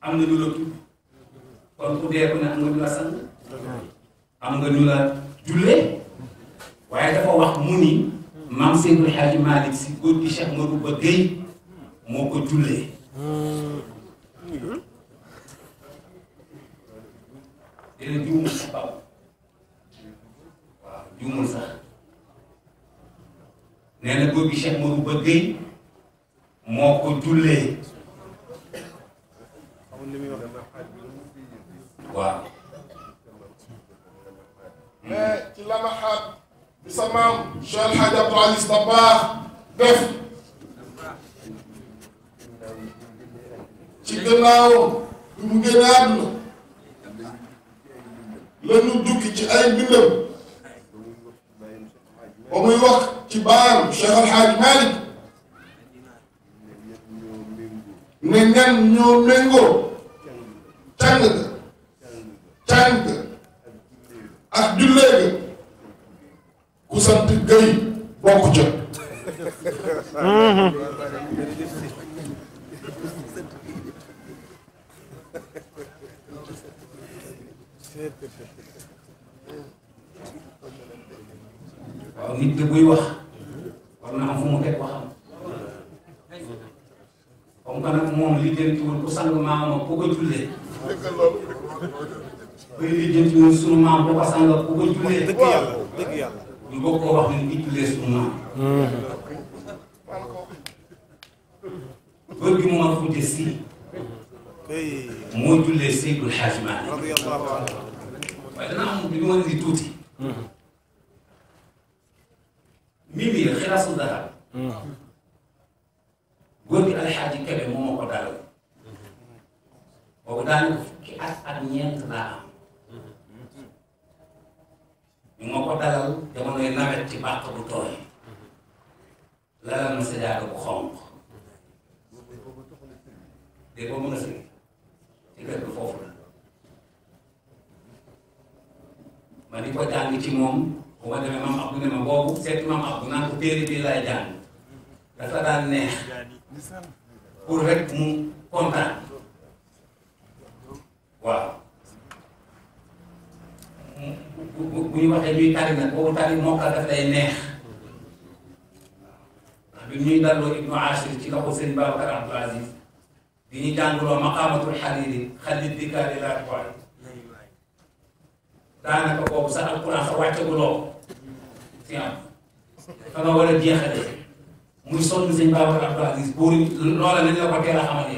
am na ñu la kon ku dee ku ne nga ñu sang am nga ñu la waaye dafa wax mu ni maam Seydou Hadji Malick si góor gi Cheikh Modou Ba moo ko jullee dina juumul si baw waaw juumul sax nee na góor gi Cheikh Modou Ba moo ko jullee comme li muy wax. ci bi sa maam Cheikh El Hadj Abdou ci gannaaw bi mu génne àdduna la ñu ci ay bindam ba wax ci baam Cheikh El Hadj Malick ne ñan ñoo méngoo sang ga càng ga ak jullee ga ku sant gay boo ko waaw nit buy wax war fu mu teg comme nag moom lijjanti woon ku sang maamam ku ko jullee. bay lijjanti woon sunu maam bu ko sang ku ko jullee. dëgg yàlla ko wax ni di jullee sunu maam. Mmh. góor gi mu ma fuute moo jullee Seydul Xaaji Maalik. waaye danaa am lu ma indi tuuti. Mmh. mimi xiraasu dara. Mmh. góor gi alxaaji Kebe moom moo ko dalal boobu daanaka fukki at ak ñeent laa am ñu ma ko dalal bu tooy lalal ma sajjaada bu xonq dégg nga mën a sëñ ma di ko jàng ci moom bu ma demee maam Abdou ne ma boobu seeti maam Abdou naan dafa daan neex pour rek mu kontaan waaw bu bu ñu waxee ñuy tari nag boobu tari mokkal daf lay neex ndax bi ñuy dalloo Ibnu Ashir ci loxo sëñ Babacar Abdou Aziz di ñu jàngaloo maqaamatul xariri xalit di kaari laa ko waay daanaka boobu sax alquran sax wàccaguloo si am fa nga war a jeexale muy sonn sëñ Babacar Abdou Aziz buur loola nañ la ko teel a xamal